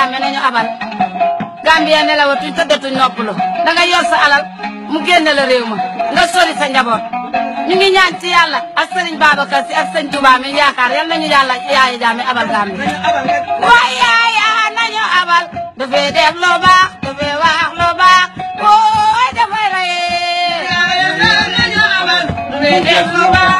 jàmme ne ñu abal Gambien ne la watuñ tëddatuñ noppalu da nga yor sa alal mu génne la réew ma nga sori sa njaboot ñu ngi ñaan ci yàlla ak sëriñ Babacar si ak sëñ Touba mi yaakaar yal nañu yàlla yaaya jaame abal Gambie waay yaaya nañu abal dafay def loo baax dafay wax loo baax wooy dafay rey yaaya nañu abal dafay def loo baax